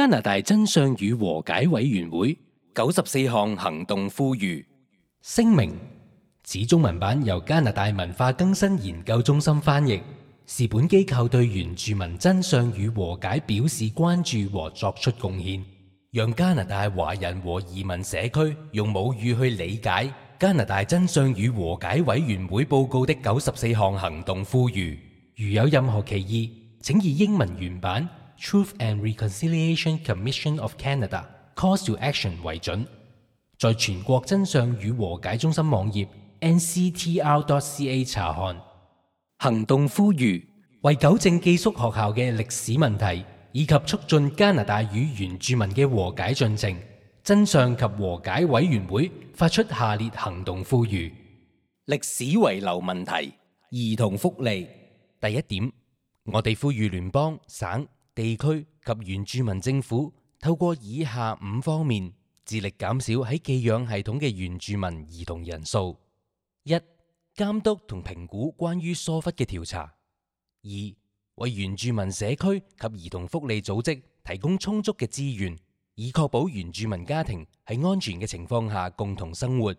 加拿大真相與和解委員會九十四項行動呼籲聲明，此中文版由加拿大文化更新研究中心翻譯，是本機構對原住民真相與和解表示關注和作出貢獻，讓加拿大華人和移民社區用母語去理解加拿大真相與和解委員會報告的九十四項行動呼籲。如有任何歧義，請以英文原版。Truth and Reconciliation Commission of Canada）calls to action 為準，在全國真相與和解中心網頁 （nctr.ca） 查看行動呼籲，為糾正寄宿學校嘅歷史問題以及促進加拿大與原住民嘅和解進程，真相及和解委員會發出下列行動呼籲：歷史遺留問題、兒童福利。第一點，我哋呼籲聯邦、省。地區及原住民政府透過以下五方面致力減少喺寄養系統嘅原住民兒童人數：一、監督同評估關於疏忽嘅調查；二、為原住民社區及兒童福利組織提供充足嘅資源，以確保原住民家庭喺安全嘅情況下共同生活，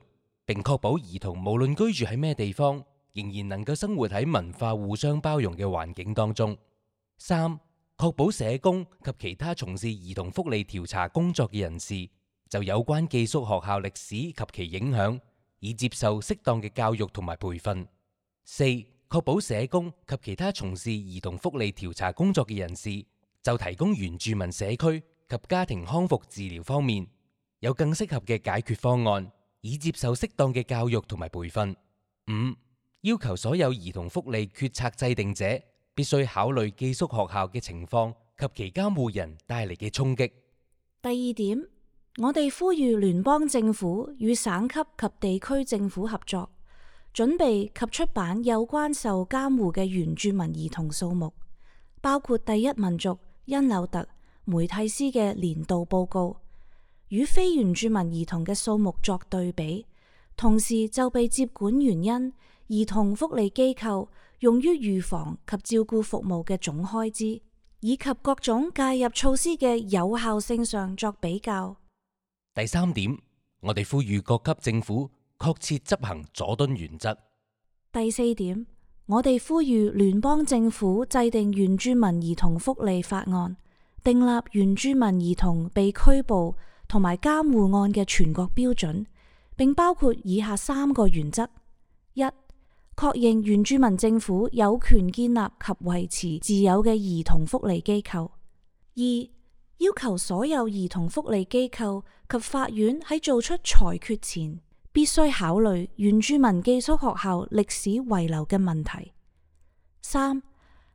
並確保兒童無論居住喺咩地方，仍然能夠生活喺文化互相包容嘅環境當中；三。確保社工及其他從事兒童福利調查工作嘅人士就有關寄宿學校歷史及其影響，以接受適當嘅教育同埋培訓。四、確保社工及其他從事兒童福利調查工作嘅人士就提供原住民社區及家庭康復治療方面，有更適合嘅解決方案，以接受適當嘅教育同埋培訓。五、要求所有兒童福利決策制定者。必須考慮寄宿學校嘅情況及其監護人帶嚟嘅衝擊。第二點，我哋呼籲聯邦政府與省級及地區政府合作，準備及出版有關受監護嘅原住民兒童數目，包括第一民族因紐特、梅蒂斯嘅年度報告，與非原住民兒童嘅數目作對比，同時就被接管原因、兒童福利機構。用於預防及照顧服務嘅總開支，以及各種介入措施嘅有效性上作比較。第三點，我哋呼籲各級政府確切執行佐敦原則。第四點，我哋呼籲聯邦政府制定原住民兒童福利法案，訂立原住民兒童被拘捕同埋監護案嘅全國標準，並包括以下三個原則：一。確認原住民政府有權建立及維持自有嘅兒童福利機構；二，要求所有兒童福利機構及法院喺做出裁決前，必須考慮原住民寄宿學校歷史遺留嘅問題；三，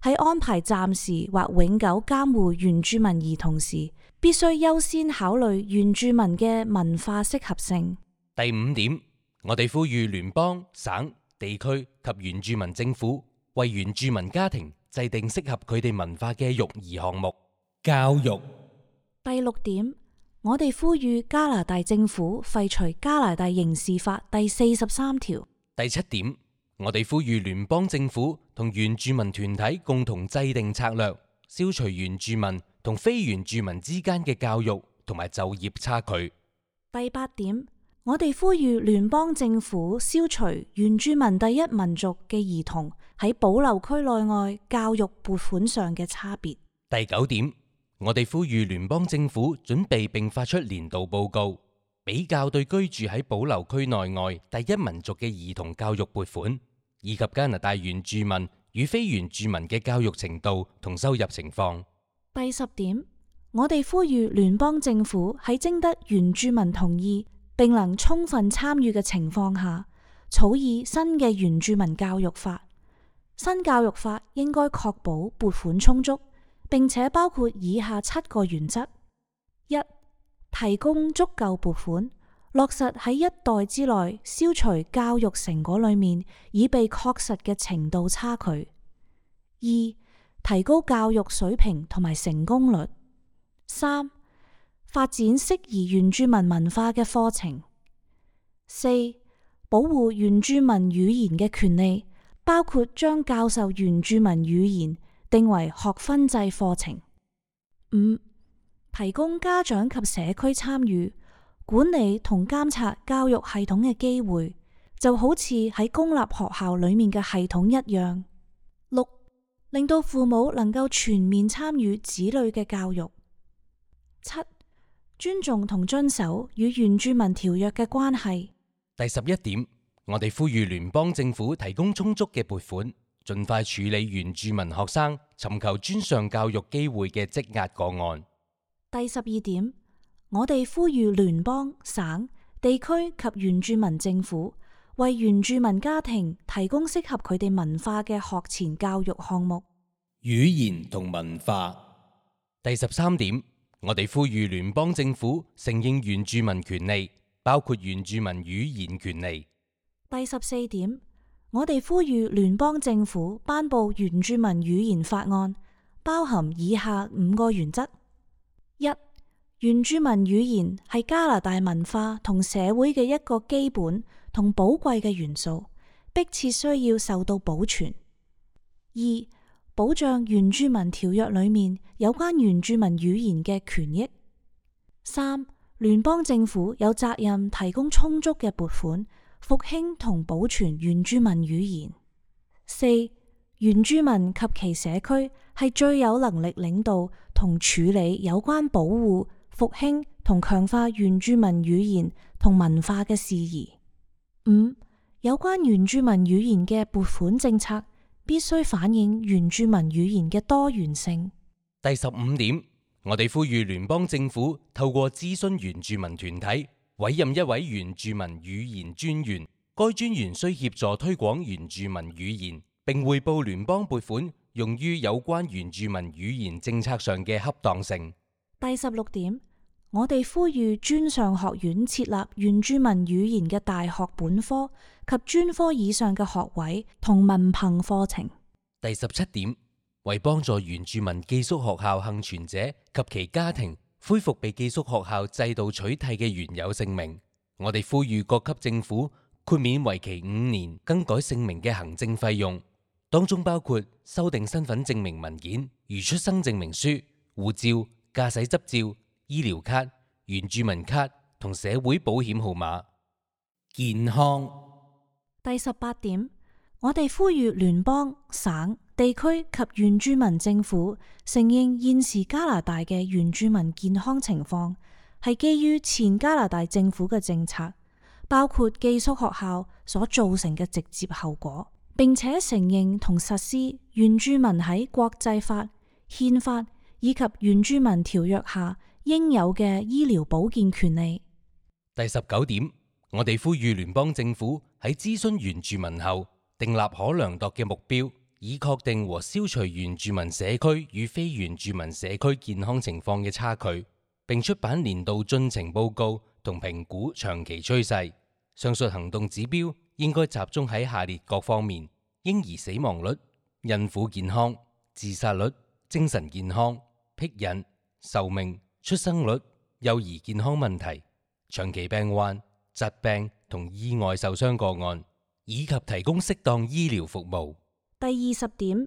喺安排暫時或永久監護原住民兒童時，必須優先考慮原住民嘅文化適合性。第五點，我哋呼籲聯邦、省、地區及原住民政府為原住民家庭制定適合佢哋文化嘅育兒項目。教育。第六點，我哋呼籲加拿大政府廢除加拿大刑事法第四十三條。第七點，我哋呼籲聯邦政府同原住民團體共同制定策略，消除原住民同非原住民之間嘅教育同埋就業差距。第八點。我哋呼籲聯邦政府消除原住民第一民族嘅兒童喺保留區內外教育撥款上嘅差別。第九點，我哋呼籲聯邦政府準備並發出年度報告，比較對居住喺保留區內外第一民族嘅兒童教育撥款，以及加拿大原住民與非原住民嘅教育程度同收入情況。第十點，我哋呼籲聯邦政府喺徵得原住民同意。並能充分參與嘅情況下，草擬新嘅原住民教育法。新教育法應該確保撥款充足，並且包括以下七個原則：一、提供足夠撥款，落實喺一代之內消除教育成果裏面已被確實嘅程度差距；二、提高教育水平同埋成功率；三、發展適宜原住民文化嘅課程；四、保護原住民語言嘅權利，包括將教授原住民語言定為學分制課程；五、提供家長及社區參與管理同監察教育系統嘅機會，就好似喺公立學校裏面嘅系統一樣；六、令到父母能夠全面參與子女嘅教育；七。尊重同遵守與原住民條約嘅關係。第十一點，我哋呼籲聯邦政府提供充足嘅撥款，盡快處理原住民學生尋求專上教育機會嘅積壓個案。第十二點，我哋呼籲聯邦、省、地區及原住民政府為原住民家庭提供適合佢哋文化嘅學前教育項目。語言同文化。第十三點。我哋呼籲聯邦政府承認原住民權利，包括原住民語言權利。第十四點，我哋呼籲聯邦政府頒布原住民語言法案，包含以下五個原則：一、原住民語言係加拿大文化同社會嘅一個基本同寶貴嘅元素，迫切需要受到保存。二保障原住民條約裏面有關原住民語言嘅權益。三、聯邦政府有責任提供充足嘅撥款，復興同保存原住民語言。四、原住民及其社區係最有能力領導同處理有關保護、復興同強化原住民語言同文化嘅事宜。五、有關原住民語言嘅撥款政策，必須反映原住民語言嘅多元性。第十五點，我哋呼籲聯邦政府透過諮詢原住民團體，委任一位原住民語言專員。該專員須協助推廣原住民語言，並匯報聯邦撥款用於有關原住民語言政策上嘅恰當性。第十六點。我哋呼籲專上學院設立原住民語言嘅大學本科及專科以上嘅學位同文憑課程。第十七點，為幫助原住民寄宿學校幸存者及其家庭恢復被寄宿學校制度取締嘅原有姓名，我哋呼籲各級政府豁免為期五年更改姓名嘅行政費用，當中包括修訂身份證明文件，如出生證明書、護照、駕駛執照。醫療卡、原住民卡同社會保險號碼。健康。第十八點，我哋呼籲聯邦、省、地區及原住民政府承認現時加拿大嘅原住民健康情況係基於前加拿大政府嘅政策，包括寄宿學校所造成嘅直接後果，並且承認同實施原住民喺國際法、憲法以及原住民條約下。應有嘅醫療保健權利。第十九點，我哋呼籲聯邦政府喺諮詢原住民後，訂立可量度嘅目標，以確定和消除原住民社區與非原住民社區健康情況嘅差距，並出版年度進程報告同評估長期趨勢。上述行動指標應該集中喺下列各方面：嬰兒死亡率、孕婦健康、自殺率、精神健康、癖癮、壽命。出生率、幼兒健康問題、長期病患疾病同意外受傷個案，以及提供適當醫療服務。第二十點，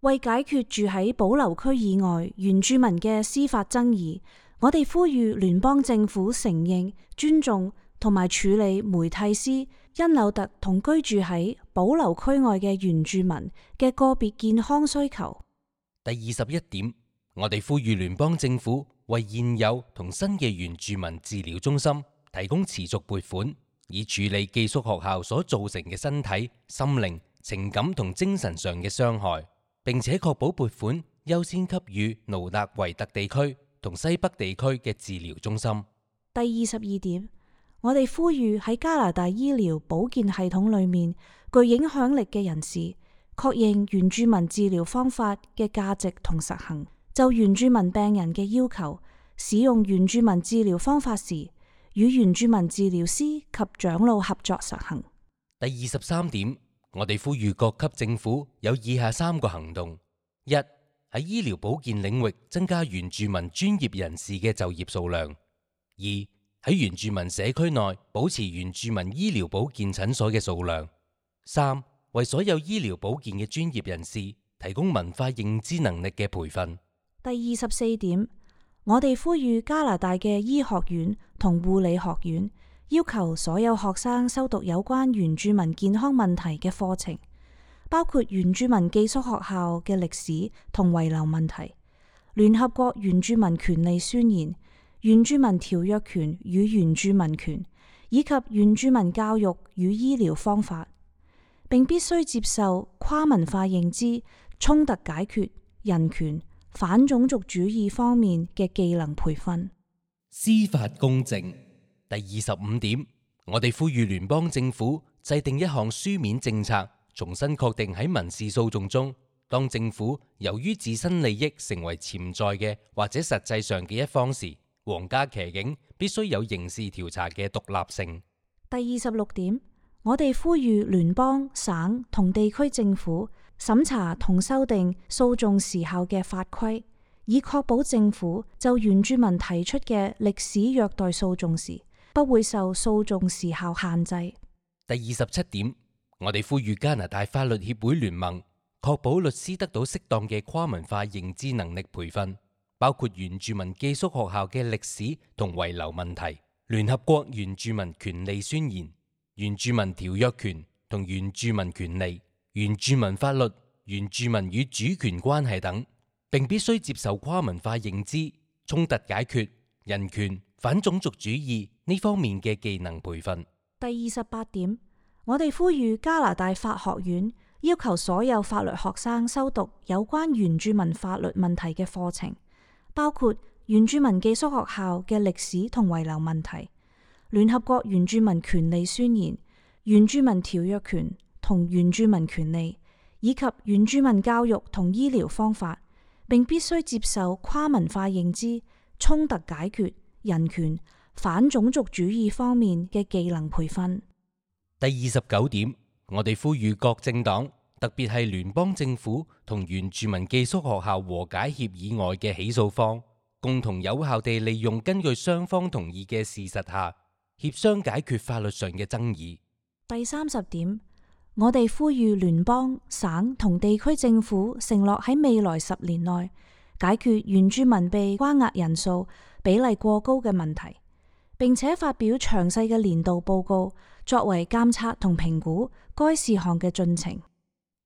為解決住喺保留區以外原住民嘅司法爭議，我哋呼籲聯邦政府承認、尊重同埋處理梅蒂斯、因紐特同居住喺保留區外嘅原住民嘅個別健康需求。第二十一點，我哋呼籲聯邦政府。為現有同新嘅原住民治療中心提供持續撥款，以處理寄宿學校所造成嘅身體、心靈、情感同精神上嘅傷害，並且確保撥款優先給予努納維特地區同西北地區嘅治療中心。第二十二點，我哋呼籲喺加拿大醫療保健系統裏面具影響力嘅人士，確認原住民治療方法嘅價值同實行。就原住民病人嘅要求，使用原住民治療方法時，與原住民治療師及長老合作實行。第二十三點，我哋呼籲各級政府有以下三個行動：一喺醫療保健領域增加原住民專業人士嘅就業數量；二喺原住民社區內保持原住民醫療保健診所嘅數量；三為所有醫療保健嘅專業人士提供文化認知能力嘅培訓。第二十四點，我哋呼籲加拿大嘅醫學院同護理學院要求所有學生修讀有關原住民健康問題嘅課程，包括原住民寄宿學校嘅歷史同遺留問題、聯合國原住民權利宣言、原住民條約權與原住民權，以及原住民教育與醫療方法，並必須接受跨文化認知、衝突解決、人權。反種族主義方面嘅技能培訓。司法公正。第二十五點，我哋呼籲聯邦政府制定一項書面政策，重新確定喺民事訴訟中，當政府由於自身利益成為潛在嘅或者實際上嘅一方時，皇家騎警必須有刑事調查嘅獨立性。第二十六點，我哋呼籲聯邦、省同地區政府。審查同修訂訴訟時效嘅法規，以確保政府就原住民提出嘅歷史虐待訴訟時，不會受訴訟時效限制。第二十七點，我哋呼籲加拿大法律協會聯盟確保律師得到適當嘅跨文化認知能力培訓，包括原住民寄宿學校嘅歷史同遺留問題、聯合國原住民權利宣言、原住民條約權同原住民權利。原住民法律、原住民與主權關係等，並必須接受跨文化認知、衝突解決、人權、反種族主義呢方面嘅技能培訓。第二十八點，我哋呼籲加拿大法學院要求所有法律學生修讀有關原住民法律問題嘅課程，包括原住民寄宿學校嘅歷史同遺留問題、聯合國原住民權利宣言、原住民條約權。同原住民權利以及原住民教育同醫療方法，並必須接受跨文化認知、衝突解決、人權、反種族主義方面嘅技能培訓。第二十九點，我哋呼籲各政黨，特別係聯邦政府同原住民寄宿學校和解協議外嘅起訴方，共同有效地利用根據雙方同意嘅事實下協商解決法律上嘅爭議。第三十點。我哋呼籲聯邦、省同地區政府承諾喺未來十年內解決原住民被關押人數比例過高嘅問題，並且發表詳細嘅年度報告，作為監測同評估該事項嘅進程。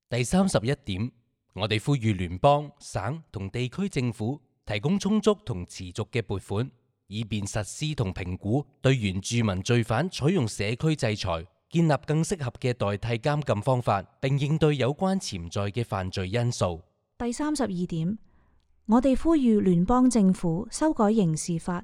第三十一點，我哋呼籲聯邦、省同地區政府提供充足同持續嘅撥款，以便實施同評估對原住民罪犯採用社區制裁。建立更適合嘅代替監禁方法，並應對有關潛在嘅犯罪因素。第三十二點，我哋呼籲聯邦政府修改刑事法，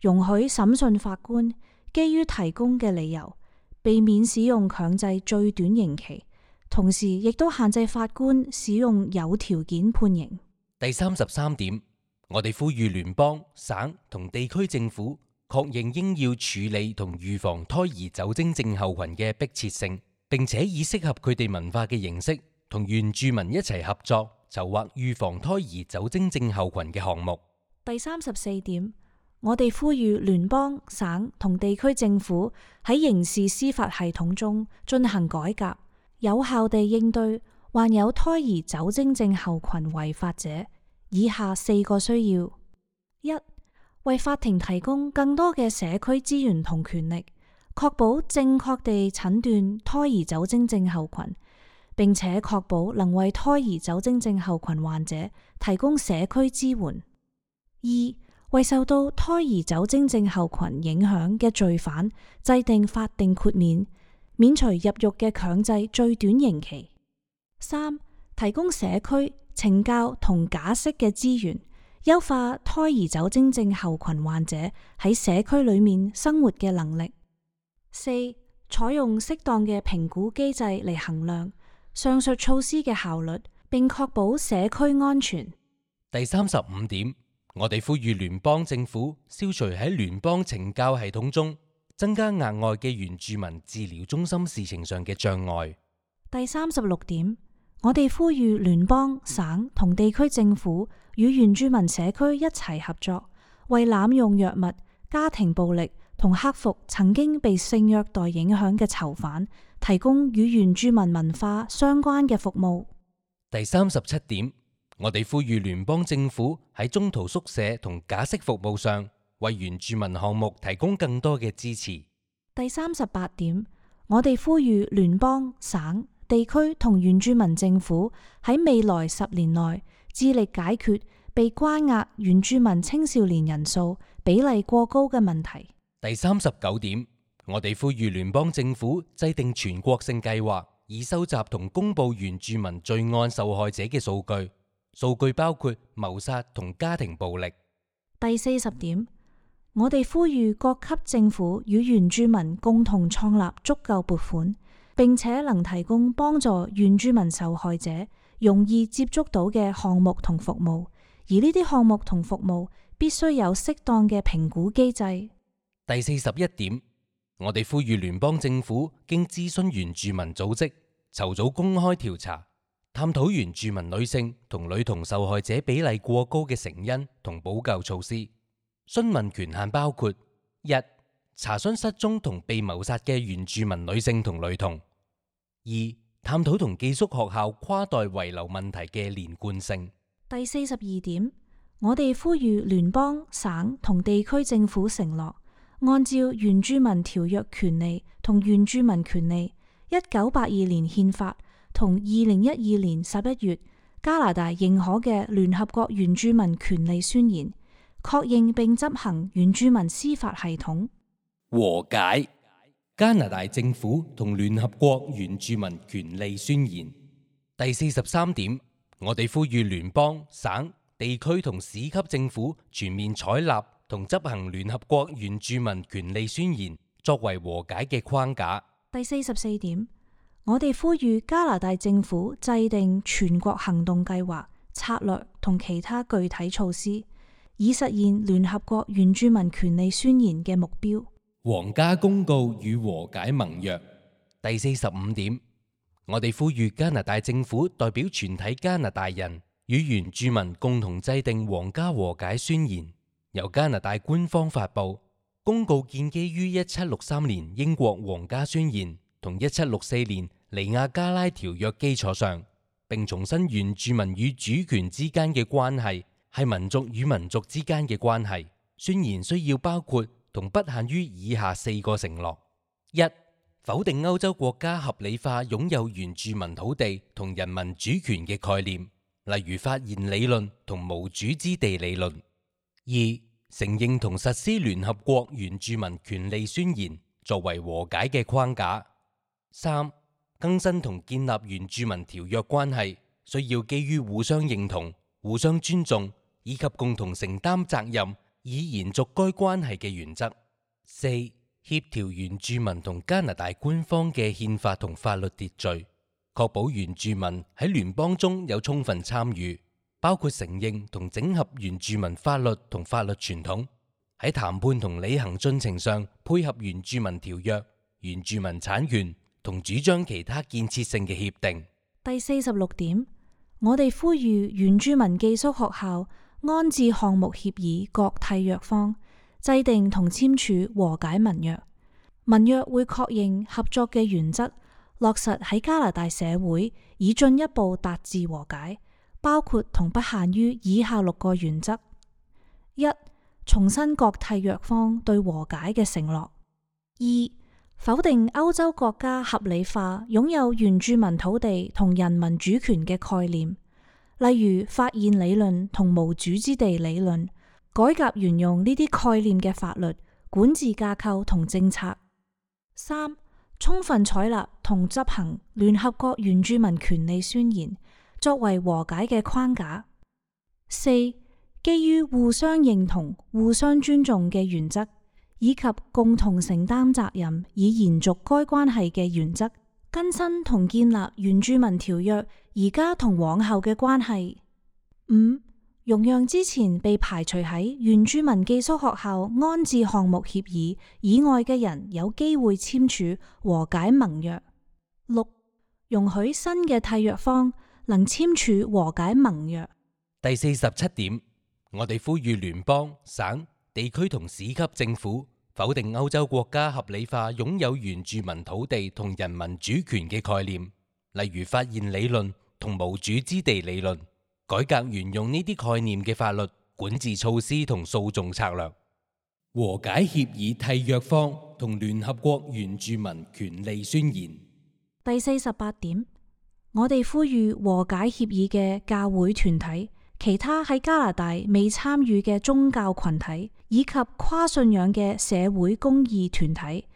容許審訊法官基於提供嘅理由，避免使用強制最短刑期，同時亦都限制法官使用有條件判刑。第三十三點，我哋呼籲聯邦、省同地區政府。確認應要處理同預防胎兒酒精症候群嘅迫切性，並且以適合佢哋文化嘅形式同原住民一齊合作，籌劃預防胎兒酒精症候群嘅項目。第三十四點，我哋呼籲聯邦、省同地區政府喺刑事司法系統中進行改革，有效地應對患有胎兒酒精症候群違法者。以下四個需要：一。為法庭提供更多嘅社區資源同權力，確保正確地診斷胎兒酒精症候群，並且確保能為胎兒酒精症候群患者提供社區支援。二、為受到胎兒酒精症候群影響嘅罪犯制定法定豁免，免除入獄嘅強制最短刑期。三、提供社區、懲教同假釋嘅資源。優化胎兒酒精症候群患者喺社區裏面生活嘅能力。四，採用適當嘅評估機制嚟衡量上述措施嘅效率，並確保社區安全。第三十五點，我哋呼籲聯邦政府消除喺聯邦懲教系統中增加額外嘅原住民治療中心事情上嘅障礙。第三十六點，我哋呼籲聯邦、省同地區政府。與原住民社區一齊合作，為濫用藥物、家庭暴力同克服曾經被性虐待影響嘅囚犯提供與原住民文化相關嘅服務。第三十七點，我哋呼籲聯邦政府喺中途宿舍同假釋服務上，為原住民項目提供更多嘅支持。第三十八點，我哋呼籲聯邦、省、地區同原住民政府喺未來十年內，致力解決被關押原住民青少年人數比例過高嘅問題。第三十九點，我哋呼籲聯邦政府制定全國性計劃，以收集同公布原住民罪案受害者嘅數據，數據包括謀殺同家庭暴力。第四十點，我哋呼籲各級政府與原住民共同創立足夠撥款，並且能提供幫助原住民受害者容易接觸到嘅項目同服務，而呢啲項目同服務必須有適當嘅評估機制。第四十一點，我哋呼籲聯邦政府經諮詢原住民組織，籌組公開調查，探討原住民女性同女童受害者比例過高嘅成因同補救措施。詢問權限包括：一、查詢失蹤同被謀殺嘅原住民女性同女童；二、探討同寄宿學校跨代遺留問題嘅連貫性。第四十二點，我哋呼籲聯邦、省同地區政府承諾，按照原住民條約權利同原住民權利、一九八二年憲法同二零一二年十一月加拿大認可嘅聯合國原住民權利宣言，確認並執行原住民司法系統和解。加拿大政府同聯合國原住民權利宣言。第四十三點，我哋呼籲聯邦、省、地區同市級政府全面採納同執行聯合國原住民權利宣言作為和解嘅框架。第四十四點，我哋呼籲加拿大政府制定全國行動計劃、策略同其他具體措施，以實現聯合國原住民權利宣言嘅目標。皇家公告與和解盟約，第四十五點，我哋呼籲加拿大政府代表全體加拿大人與原住民共同制定皇家和解宣言，由加拿大官方發佈。公告建基於一七六三年英國皇家宣言同一七六四年尼亞加拉條約基礎上，並重申原住民與主權之間嘅關係係民族與民族之間嘅關係。宣言需要包括同不限於以下四個承諾：一、否定歐洲國家合理化擁有原住民土地同人民主權嘅概念，例如發現理論同無主之地理論；二、承認同實施聯合國原住民權利宣言作為和解嘅框架；三、更新同建立原住民條約關係需要基於互相認同、互相尊重以及共同承擔責任。以延續該關係嘅原則。四、協調原住民同加拿大官方嘅憲法同法律秩序，確保原住民喺聯邦中有充分參與，包括承認同整合原住民法律同法律傳統，喺談判同履行進程上配合原住民條約、原住民產權同主張其他建設性嘅協定。第四十六點，我哋呼籲原住民寄宿學校，安置項目協議國締約方制定同簽署和解文約，文約會確認合作嘅原則落實喺加拿大社會，以進一步達至和解，包括同不限於以下六個原則：一、重申國締約方對和解嘅承諾；二、否定歐洲國家合理化擁有原住民土地同人民主權嘅概念。例如發現理論同無主之地理論，改革沿用呢啲概念嘅法律、管治架構同政策。三、充分採納同執行聯合國原住民權利宣言，作為和解嘅框架。四、基於互相認同、互相尊重嘅原則，以及共同承擔責任以延續該關係嘅原則。更新同建立原住民條約，而家同往後嘅關係。五，容讓之前被排除喺原住民寄宿學校安置項目協議以外嘅人有機會簽署和解盟約。六，容許新嘅締約方能簽署和解盟約。第四十七點，我哋呼籲聯邦、省、地區同市級政府。否定歐洲國家合理化擁有原住民土地同人民主權嘅概念，例如發現理論同無主之地理論，改革沿用呢啲概念嘅法律管治措施同訴訟策略。和解協議締約方同聯合國原住民權利宣言。第四十八點，我哋呼籲和解協議嘅教會團體，其他喺加拿大未參與嘅宗教群體以及跨信仰嘅社會公義團體，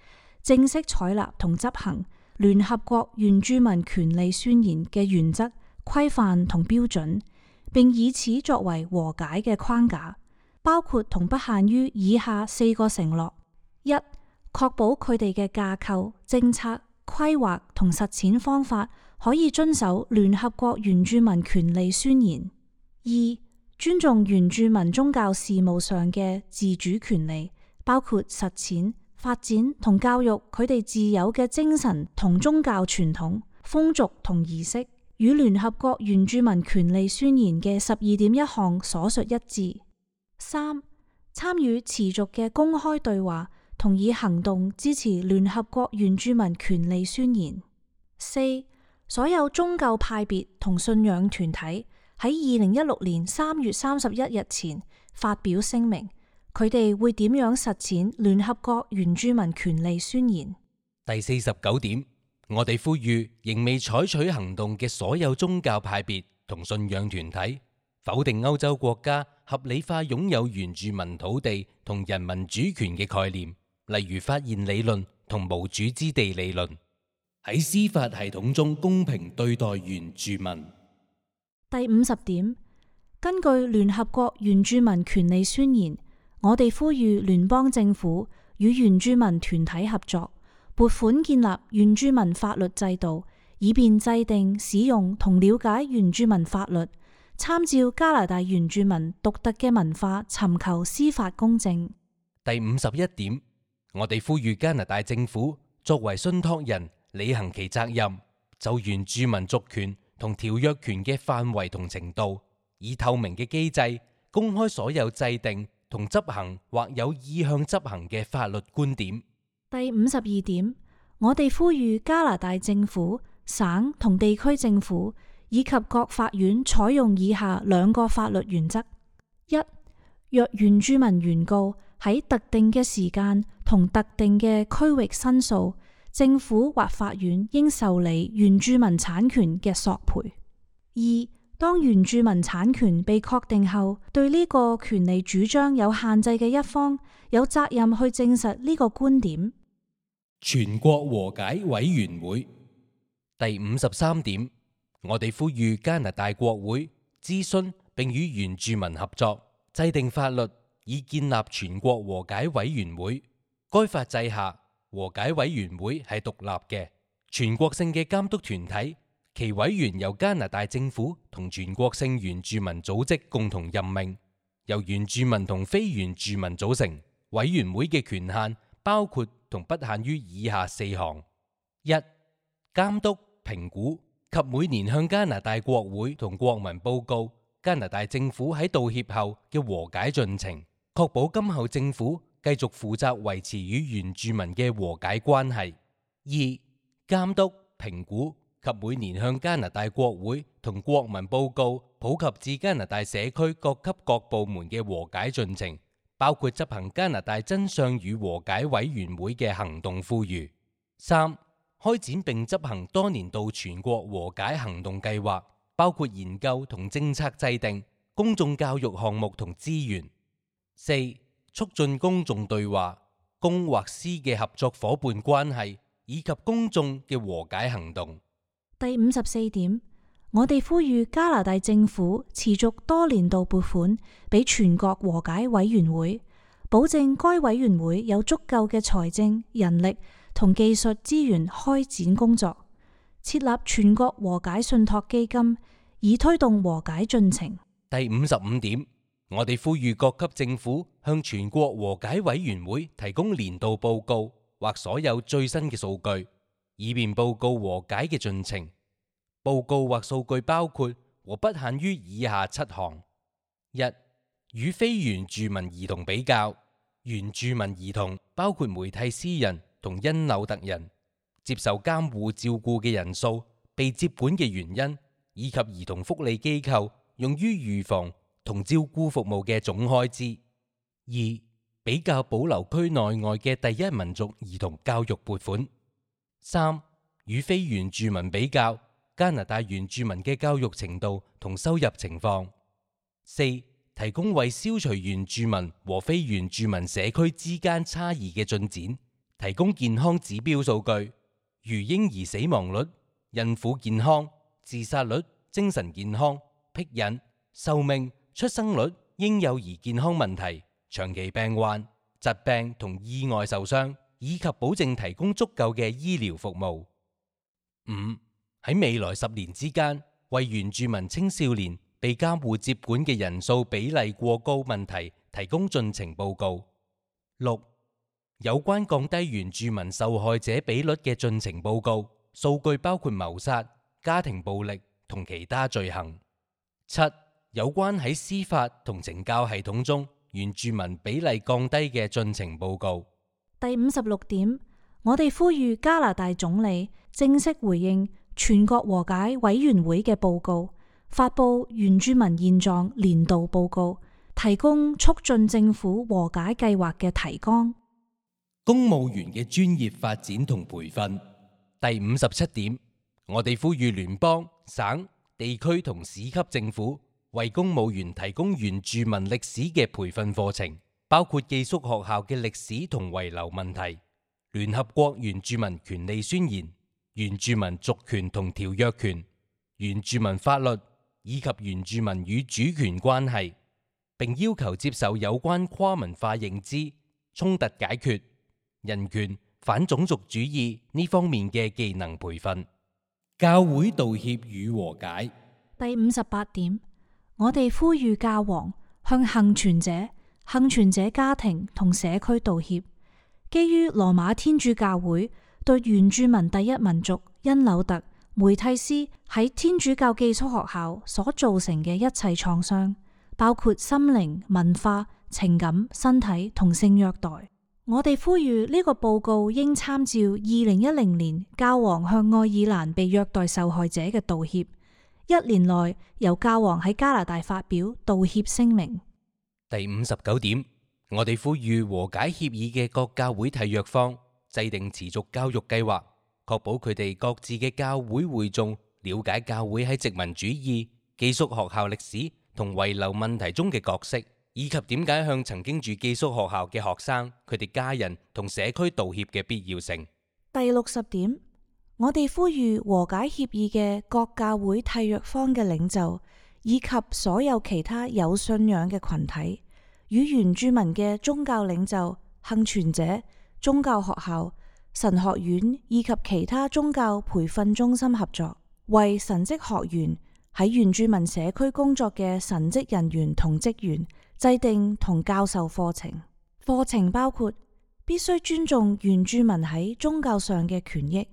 正式採納同執行聯合國原住民權利宣言嘅原則、規範同標準，並以此作為和解嘅框架，包括同不限於以下四個承諾：一、確保佢哋嘅架構、政策、規劃同實踐方法可以遵守聯合國原住民權利宣言。二、尊重原住民宗教事務上嘅自主權利，包括實踐、發展同教育佢哋自有嘅精神同宗教傳統、風俗同儀式，與聯合國原住民權利宣言嘅十二點一項所述一致。三參與持續嘅公開對話，同以行動支持聯合國原住民權利宣言。四、所有宗教派別同信仰團體。喺二零一六年三月三十一日前發表聲明，佢哋會點樣實踐聯合國原住民權利宣言。第四十九點，我哋呼籲仍未採取行動嘅所有宗教派別同信仰團體，否定歐洲國家合理化擁有原住民土地同人民主權嘅概念，例如發現理論同無主之地理論，喺司法系統中公平對待原住民。第五十點，根據聯合國原住民權利宣言，我哋呼籲聯邦政府與原住民團體合作，撥款建立原住民法律制度，以便制定、使用同了解原住民法律，參照加拿大原住民獨特嘅文化，尋求司法公正。第五十一點，我哋呼籲加拿大政府作為信託人，履行其責任，就原住民族權。同條約權嘅範圍同程度，以透明嘅機制公開所有制定同執行或有意向執行嘅法律觀點。第五十二點，我哋呼籲加拿大政府、省同地區政府以及各法院採用以下兩個法律原則：一，若原住民原告喺特定嘅時間同特定嘅區域申訴。政府或法院應受理原住民產權嘅索賠。二，當原住民產權被確定後，對呢個權利主張有限制嘅一方，有責任去證實呢個觀點。全國和解委員會第五十三點，我哋呼籲加拿大國會諮詢並與原住民合作，制定法律以建立全國和解委員會。該法制下。和解委員會係獨立嘅全國性嘅監督團體，其委員由加拿大政府同全國性原住民組織共同任命，由原住民同非原住民組成。委員會嘅權限包括同不限於以下四項：一、監督、評估及每年向加拿大國會同國民報告加拿大政府喺道歉後嘅和解進程，確保今後政府。繼續負責維持與原住民嘅和解關係；二、監督、評估及每年向加拿大國會同國民報告，普及至加拿大社區各級各部門嘅和解進程，包括執行加拿大真相與和解委員會嘅行動呼籲；三、開展並執行多年度全國和解行動計劃，包括研究同政策制定、公眾教育項目同資源；四。促進公眾對話、公或私嘅合作夥伴關係，以及公眾嘅和解行動。第五十四點，我哋呼籲加拿大政府持續多年度撥款俾全國和解委員會，保證該委員會有足夠嘅財政、人力同技術資源開展工作，設立全國和解信託基金，以推動和解進程。第五十五點。我哋呼籲各級政府向全國和解委員會提供年度報告或所有最新嘅數據，以便報告和解嘅進程。報告或數據包括和不限於以下七項：一、與非原住民兒童比較，原住民兒童包括梅蒂斯人同因紐特人，接受監護照顧嘅人數、被接管嘅原因以及兒童福利機構用於預防。同照顧服務嘅總開支；二、比較保留區內外嘅第一民族兒童教育撥款；三、與非原住民比較加拿大原住民嘅教育程度同收入情況；四、提供為消除原住民和非原住民社區之間差異嘅進展，提供健康指標數據，如嬰兒死亡率、孕婦健康、自殺率、精神健康、癖癮、壽命。出生率、嬰幼兒健康問題、長期病患、疾病同意外受傷，以及保證提供足夠嘅醫療服務。五，喺未來十年之間，為原住民青少年被監護接管嘅人數比例過高問題提供進程報告。六，有關降低原住民受害者比率嘅進程報告，數據包括謀殺、家庭暴力同其他罪行。七。有關喺司法同懲教系統中原住民比例降低嘅進程報告。第五十六點，我哋呼籲加拿大總理正式回應全國和解委員會嘅報告，發佈原住民現狀年度報告，提供促進政府和解計劃嘅提綱。公務員嘅專業發展同培訓。第五十七點，我哋呼籲聯邦、省、地區同市級政府。為公務員提供原住民歷史嘅培訓課程，包括寄宿學校嘅歷史同遺留問題、聯合國原住民權利宣言、原住民族權同條約權、原住民法律，以及原住民與主權關係，並要求接受有關跨文化認知、衝突解決、人權、反種族主義呢方面嘅技能培訓。教會道歉與和解。第五十八點。我哋呼籲教皇向幸存者、幸存者家庭同社區道歉，基於羅馬天主教會對原住民第一民族因紐特梅蒂斯喺天主教寄宿學校所造成嘅一切創傷，包括心靈、文化、情感、身體同性虐待。我哋呼籲呢個報告應參照二零一零年教皇向愛爾蘭被虐待受害者嘅道歉。一年內，由教皇喺加拿大發表道歉聲明。第五十九點，我哋呼籲和解協議嘅各教會締約方制定持續教育計劃，確保佢哋各自嘅教會會眾了解教會喺殖民主義、寄宿學校歷史同遺留問題中嘅角色，以及點解向曾經住寄宿學校嘅學生、佢哋家人同社區道歉嘅必要性。第六十點。我哋呼籲和解協議嘅各教會契約方嘅領袖，以及所有其他有信仰嘅群體，與原住民嘅宗教領袖、幸存者、宗教學校、神學院以及其他宗教培訓中心合作，為神職學員喺原住民社區工作嘅神職人員同職員制定同教授課程。課程包括必須尊重原住民喺宗教上嘅權益。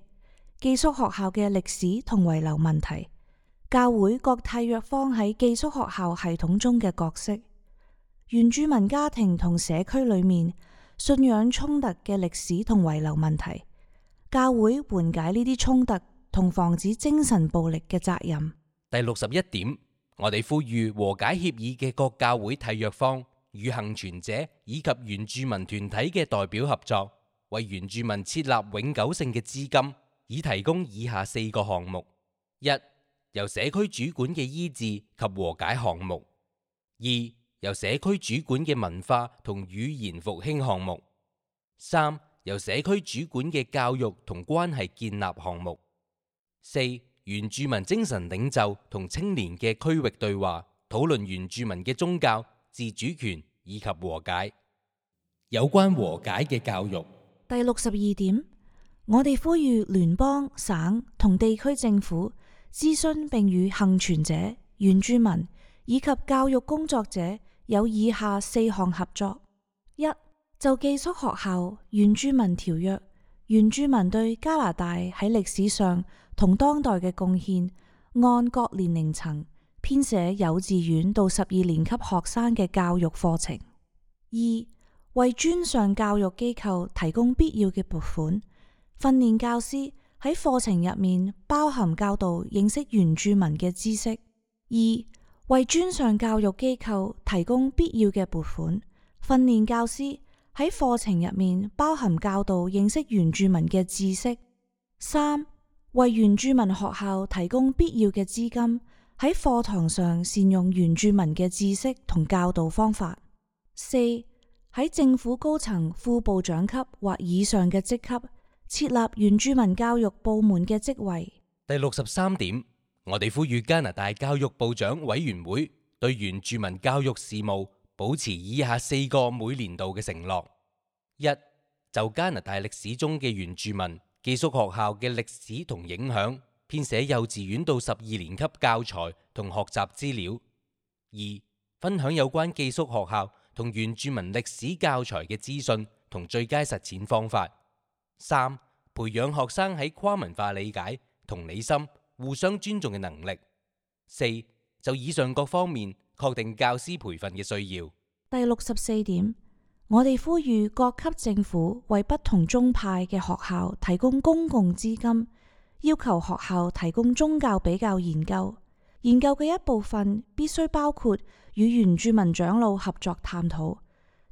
寄宿學校嘅歷史同遺留問題，教會各契約方喺寄宿學校系統中嘅角色，原住民家庭同社區裏面信仰衝突嘅歷史同遺留問題，教會緩解呢啲衝突同防止精神暴力嘅責任。第六十一點，我哋呼籲和解協議嘅各教會契約方與幸存者以及原住民團體嘅代表合作，為原住民設立永久性嘅資金。以提供以下四個項目：一、由社區主管嘅醫治及和解項目；二、由社區主管嘅文化同語言復興項目；三、由社區主管嘅教育同關係建立項目；四、原住民精神領袖同青年嘅區域對話，討論原住民嘅宗教、自主權以及和解。有關和解嘅教育。第六十二點。我哋呼籲聯邦、省同地區政府諮詢，諮詢並與倖存者、原住民以及教育工作者有以下四項合作：一、就寄宿學校、原住民條約、原住民對加拿大喺歷史上同當代嘅貢獻，按各年齡層編寫幼稚園到十二年級學生嘅教育課程；二、為專上教育機構提供必要嘅撥款。訓練教師喺課程入面包含教導認識原住民嘅知識。二、為專上教育機構提供必要嘅撥款。訓練教師喺課程入面包含教導認識原住民嘅知識。三、為原住民學校提供必要嘅資金，喺課堂上善用原住民嘅知識同教導方法。四、喺政府高層副部長級或以上嘅職級。設立原住民教育部門嘅職位。第六十三點，我哋呼籲加拿大教育部長委員會對原住民教育事務保持以下四個每年度嘅承諾：一、就加拿大歷史中嘅原住民寄宿學校嘅歷史同影響，編寫幼稚園到十二年級教材同學習資料；二、分享有關寄宿學校同原住民歷史教材嘅資訊同最佳實踐方法。三、培養學生喺跨文化理解同理心、互相尊重嘅能力。四、就以上各方面，確定教師培訓嘅需要。第六十四點，我哋呼籲各級政府為不同宗派嘅學校提供公共資金，要求學校提供宗教比較研究，研究嘅一部分必須包括與原住民長老合作探討，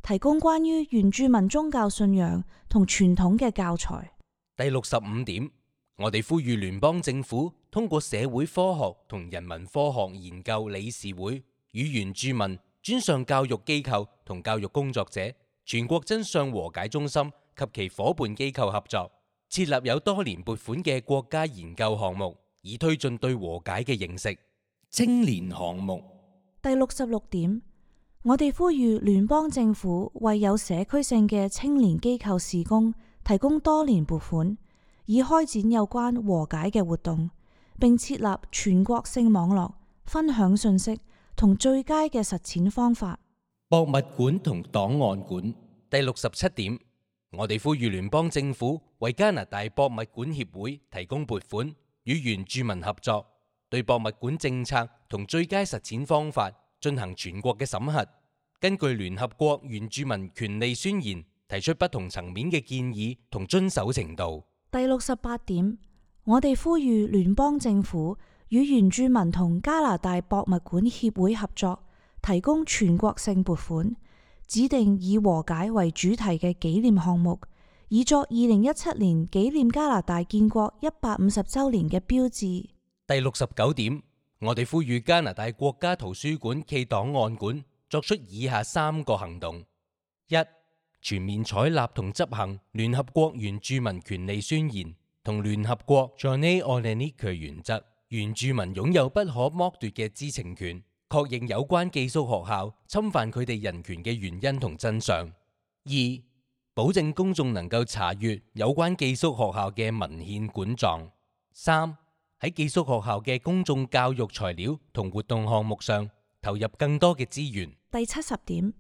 提供關於原住民宗教信仰同傳統嘅教材。第六十五點，我哋呼籲聯邦政府通過社會科學同人文科學研究理事會與原住民專上教育機構同教育工作者、全國真相和解中心及其夥伴機構合作，設立有多年撥款嘅國家研究項目，以推進對和解嘅認識。青年項目。第六十六點。我哋呼籲聯邦政府為有社區性嘅青年機構事工提供多年撥款，以開展有關和解嘅活動，並設立全國性網絡，分享信息同最佳嘅實踐方法。博物館同檔案館。第六十七點，我哋呼籲聯邦政府為加拿大博物館協會提供撥款，與原住民合作，對博物館政策同最佳實踐方法進行全國嘅審核。根據聯合國原住民權利宣言，提出不同層面嘅建議同遵守程度。第六十八點，我哋呼籲聯邦政府與原住民同加拿大博物館協會合作，提供全國性撥款，指定以和解為主題嘅紀念項目，以作二零一七年紀念加拿大建國一百五十周年嘅標誌。第六十九點，我哋呼籲加拿大國家圖書館暨檔案館。作出以下三個行動：一、全面採納同執行聯合國原住民權利宣言同聯合國 Joinet-Orentlicher 嘅原則，原住民擁有不可剝奪嘅知情權，確認有關寄宿學校侵犯佢哋人權嘅原因同真相；二、保證公眾能夠查閱有關寄宿學校嘅文獻管狀；三、喺寄宿學校嘅公眾教育材料同活動項目上。投入更多嘅資源。第七十點，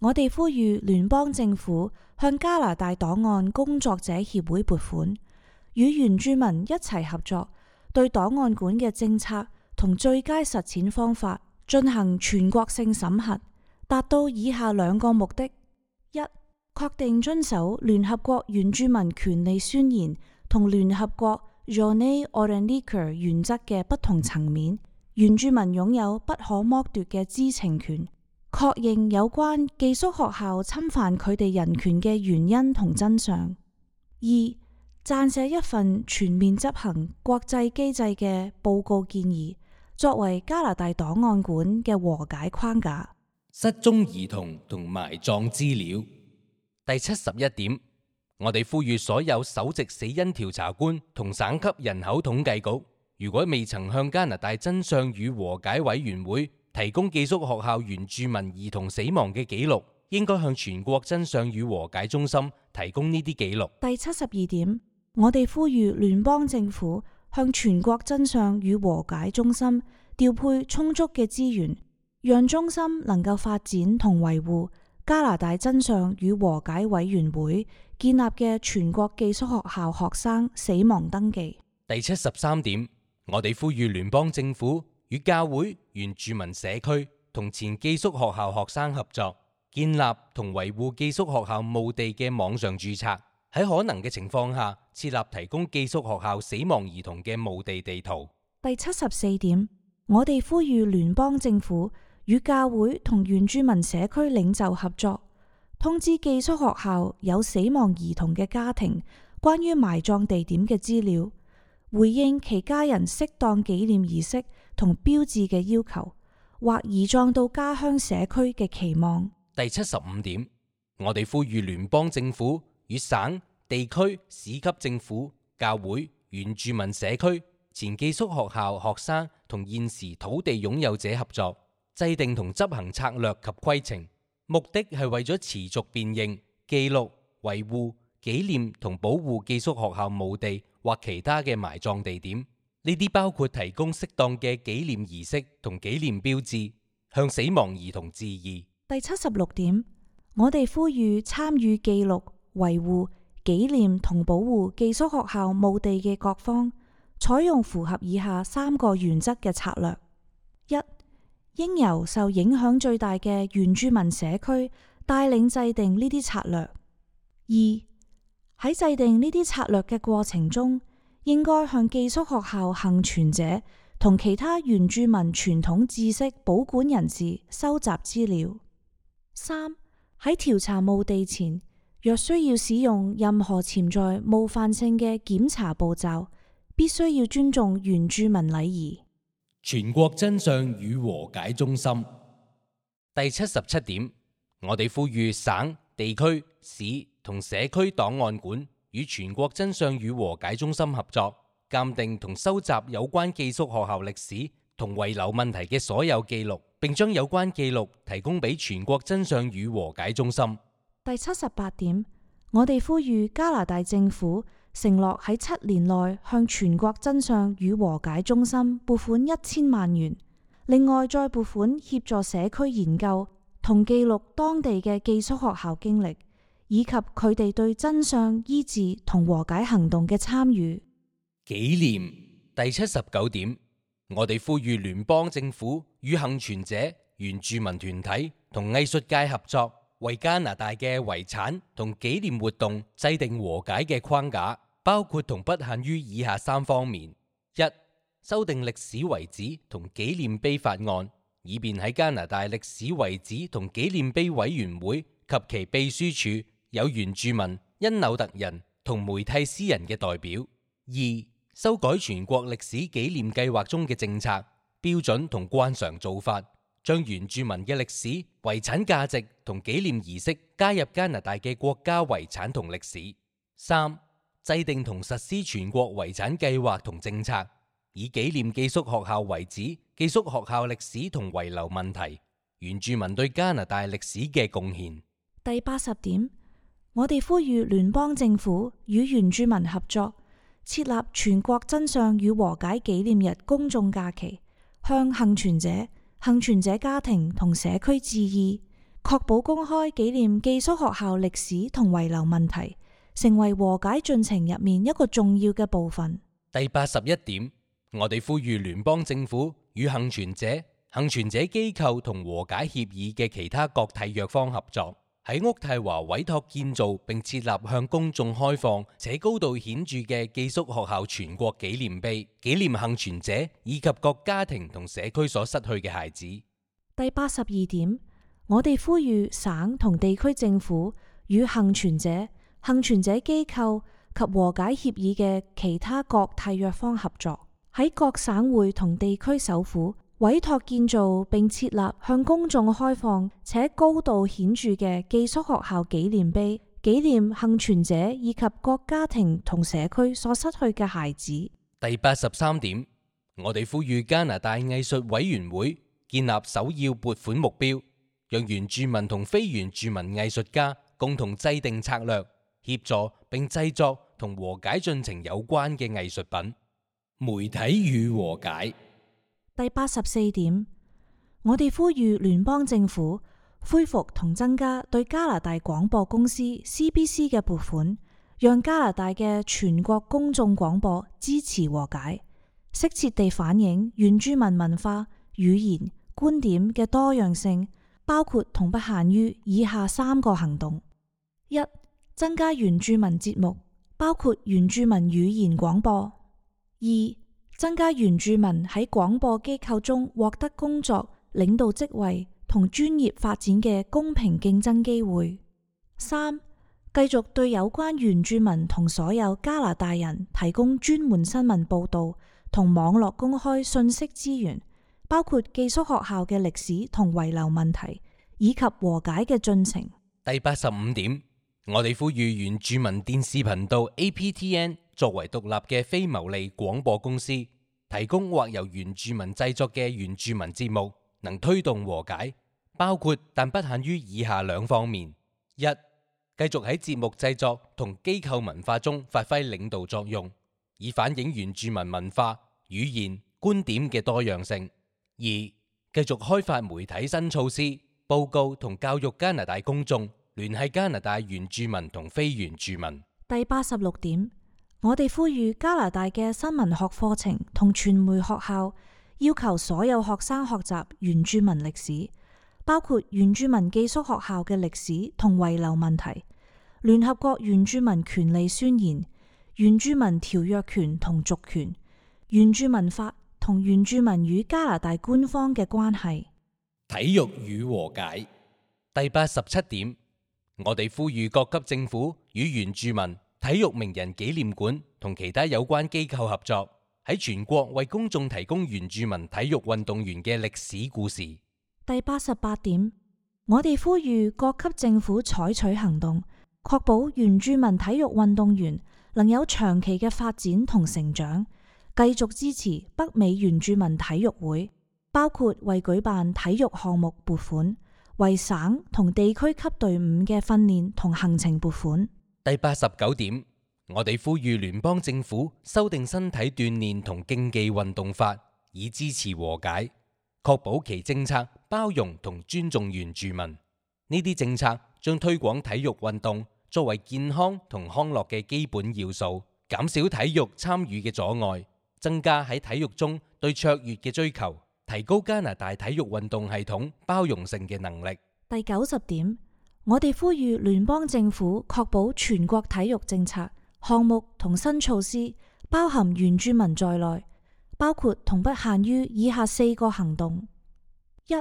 我哋呼籲聯邦政府向加拿大檔案工作者協會撥款，與原住民一齊合作，對檔案館嘅政策同最佳實踐方法進行全國性審核，達到以下兩個目的：一、確定遵守聯合國原住民權利宣言同聯合國 Joinet-Orentlicher 原則嘅不同層面。原住民擁有不可剝奪嘅知情權，確認有關寄宿學校侵犯佢哋人權嘅原因同真相。二，撰寫一份全面執行國際機制嘅報告建議，作為加拿大檔案館嘅和解框架。失蹤兒童同埋葬資料。第七十一點，我哋呼籲所有首席死因調查官同省級人口統計局，如果未曾向加拿大真相與和解委員會提供寄宿學校原住民兒童死亡嘅記錄，應該向全國真相與和解中心提供呢啲記錄。第七十二點，我哋呼籲聯邦政府向全國真相與和解中心調配充足嘅資源，讓中心能夠發展同維護加拿大真相與和解委員會建立嘅全國寄宿學校學生死亡登記。第七十三點。我哋呼籲聯邦政府與教會、原住民社區同前寄宿學校學生合作，建立同維護寄宿學校墓地嘅網上注冊。喺可能嘅情況下，設立提供寄宿學校死亡兒童嘅墓地地圖。第七十四點，我哋呼籲聯邦政府與教會同原住民社區領袖合作，通知寄宿學校有死亡兒童嘅家庭關於埋葬地點嘅資料。回應其家人適當紀念儀式同標誌嘅要求，或移葬到家鄉社區嘅期望。第七十五點，我哋呼籲聯邦政府與省、地區、市級政府、教會、原住民社區、前寄宿學校學生同現時土地擁有者合作，制定同執行策略及規程，目的係為咗持續辨認、記錄、維護。紀念同保護寄宿學校墓地或其他嘅埋葬地點，呢啲包括提供適當嘅紀念儀式同紀念標誌，向死亡兒童致意。第七十六點，我哋呼籲參與記錄、維護、紀念同保護寄宿學校墓地嘅各方，採用符合以下三個原則嘅策略：一，應由受影響最大嘅原住民社區帶領制定呢啲策略；二，喺制定呢啲策略嘅過程中，應該向寄宿學校幸存者同其他原住民傳統知識保管人士收集資料。三、喺調查墓地前，若需要使用任何潛在冒犯性嘅檢查步驟，必須要尊重原住民禮儀。全國真相與和解中心。第七十七點，我哋呼籲省、地區、市。同社區檔案館與全國真相與和解中心合作，鑑定同收集有關寄宿學校歷史同遺留問題嘅所有記錄，並將有關記錄提供俾全國真相與和解中心。第七十八點，我哋呼籲加拿大政府承諾喺七年內向全國真相與和解中心撥款一千萬元，另外再撥款協助社區研究同記錄當地嘅寄宿學校經歷。以及佢哋對真相醫治同和解行動嘅參與。紀念第七十九點，我哋呼籲聯邦政府與倖存者、原住民團體同藝術界合作，為加拿大嘅遺產同紀念活動制定和解嘅框架，包括同不限於以下三方面：一、修訂歷史遺址同紀念碑法案，以便喺加拿大歷史遺址同紀念碑委員會及其秘書處。有原住民、因紐特人同梅蒂斯人嘅代表。二、修改全國歷史紀念計劃中嘅政策、標準同慣常做法，將原住民嘅歷史遺產價值同紀念儀式加入加拿大嘅國家遺產同歷史。三、制定同實施全國遺產計劃同政策，以紀念寄宿學校為止，寄宿學校歷史同遺留問題、原住民對加拿大歷史嘅貢獻。第八十點。我哋呼籲聯邦政府與原住民合作，設立全國真相與和解紀念日公眾假期，向幸存者、幸存者家庭同社區致意，確保公開紀念寄宿學校歷史同遺留問題，成為和解進程入面一個重要嘅部分。第八十一點，我哋呼籲聯邦政府與幸存者、幸存者機構同和、和解協議嘅其他國體約方合作。喺渥太華委託建造並設立向公眾開放且高度顯著嘅寄宿學校全國紀念碑，紀念幸存者以及各家庭同社區所失去嘅孩子。第八十二點，我哋呼籲省同地區政府與幸存者、幸存者機構及和解協議嘅其他各締約方合作，喺各省會同地區首府，委託建造並設立向公眾開放且高度顯著嘅寄宿學校紀念碑，紀念幸存者以及各家庭同社區所失去嘅孩子。第八十三點，我哋呼籲加拿大藝術委員會建立首要撥款目標，讓原住民同非原住民藝術家共同制定策略，協助並製作同和，和解進程有關嘅藝術品。媒體與和解。第八十四點，我哋呼籲聯邦政府恢復同增加對加拿大廣播公司 CBC 嘅撥款，讓加拿大嘅全國公眾廣播支持和解，適切地反映原住民文化、語言、觀點嘅多樣性，包括同不限於以下三個行動：一、增加原住民節目，包括原住民語言廣播；二、增加原住民喺廣播機構中獲得工作、領導職位同專業發展嘅公平競爭機會。三、繼續對有關原住民同所有加拿大人提供專門新聞報道同網絡公開信息資源，包括寄宿學校嘅歷史同遺留問題以及和解嘅進程。第八十五點，我哋呼籲原住民電視頻道 APTN。AP T N, 作為獨立嘅非牟利廣播公司，提供或由原住民製作嘅原住民節目，能推動和解，包括但不限於以下兩方面：一、繼續喺節目製作同機構文化中發揮領導作用，以反映原住民文化、語言、觀點嘅多樣性；二、繼續開發媒體新措施，報告同教育加拿大公眾，聯繫加拿大原住民同非原住民。第八十六點。我哋呼籲加拿大嘅新聞學課程同傳媒學校要求所有學生學習原住民歷史，包括原住民寄宿學校嘅歷史同遺留問題、聯合國原住民權利宣言、原住民條約權同族權、原住民法同原住民與加拿大官方嘅關係。體育與和解。第八十七點，我哋呼籲各級政府與原住民。體育名人紀念館同其他有關機構合作，喺全國為公眾提供原住民體育運動員嘅歷史故事。第八十八點，我哋呼籲各級政府採取行動，確保原住民體育運動員能有長期嘅發展同成長，繼續支持北美原住民體育會，包括為舉辦體育項目撥款，為省同地區級隊伍嘅訓練同行程撥款。第八十九點，我哋呼籲聯邦政府修訂身體鍛煉同競技運動法，以支持和解，確保其政策包容同尊重原住民。呢啲政策將推廣體育運動作為健康同康樂嘅基本要素，減少體育參與嘅阻礙，增加喺體育中對卓越嘅追求，提高加拿大體育運動系統包容性嘅能力。第九十點。我哋呼籲聯邦政府確保全國體育政策項目同新措施包含原住民在內，包括同不限於以下四個行動：一、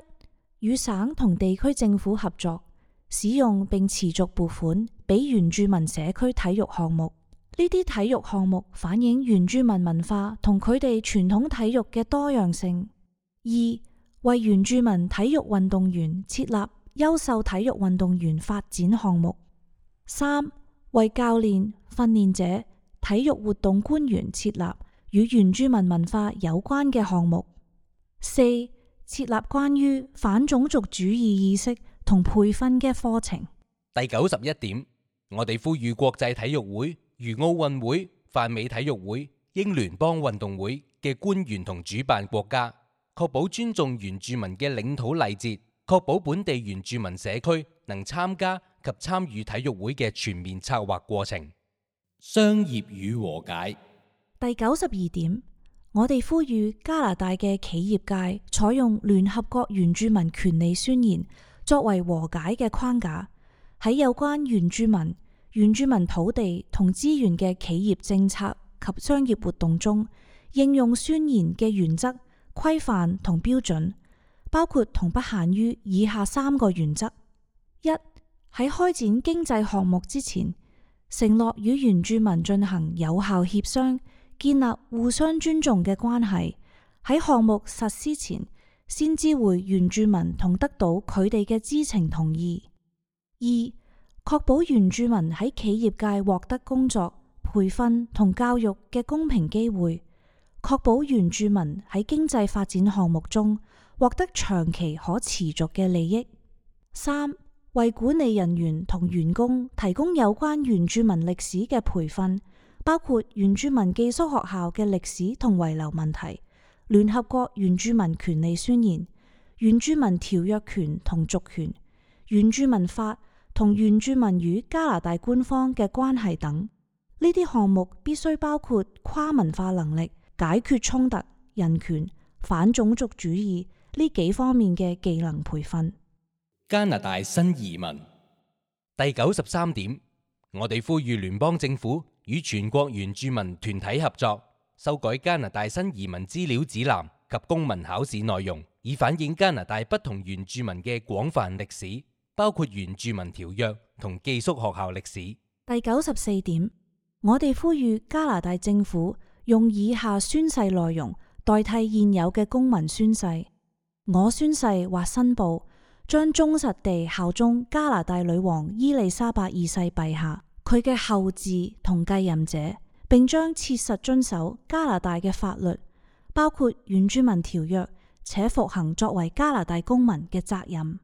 與省同地區政府合作，使用並持續撥款俾原住民社區體育項目，呢啲體育項目反映原住民文化同佢哋傳統體育嘅多樣性；二、為原住民體育運動員設立。優秀體育運動員發展項目；三、為教練、訓練者、體育活動官員設立與原住民文化有關嘅項目；四、設立關於反種族主義意識同培訓嘅課程。第九十一點，我哋呼籲國際體育會，如奧運會、泛美體育會、英聯邦運動會嘅官員同主辦國家，確保尊重原住民嘅領土禮節。確保本地原住民社區能參加及參與體育會嘅全面策劃過程。商業與和解。第九十二點，我哋呼籲加拿大嘅企業界採用聯合國原住民權利宣言作為和解嘅框架，喺有關原住民、原住民土地同資源嘅企業政策及商業活動中應用宣言嘅原則、規範同標準。包括同不限於以下三個原則：一、喺開展經濟項目之前，承諾與原住民進行有效協商，建立互相尊重嘅關係；喺項目實施前，先知會原住民同得到佢哋嘅知情同意。二、確保原住民喺企業界獲得工作、培訓同教育嘅公平機會，確保原住民喺經濟發展項目中。獲得長期可持續嘅利益。三、為管理人員同員工提供有關原住民歷史嘅培訓，包括原住民寄宿學校嘅歷史同遺留問題、聯合國原住民權利宣言、原住民條約權同族權、原住民法同原住民與加拿大官方嘅關係等。呢啲項目必須包括跨文化能力、解決衝突、人權、反種族主義。呢幾方面嘅技能培訓。加拿大新移民。第九十三點，我哋呼籲聯邦政府與全國原住民團體合作，修改加拿大新移民資料指南及公民考試內容，以反映加拿大不同原住民嘅廣泛歷史，包括原住民條約同寄宿學校歷史。第九十四點，我哋呼籲加拿大政府用以下宣誓內容代替現有嘅公民宣誓。我宣誓或申報，將忠實地效忠加拿大女王伊麗莎白二世陛下，佢嘅後嗣同繼任者，並將切實遵守加拿大嘅法律，包括原住民條約，且服行作為加拿大公民嘅責任。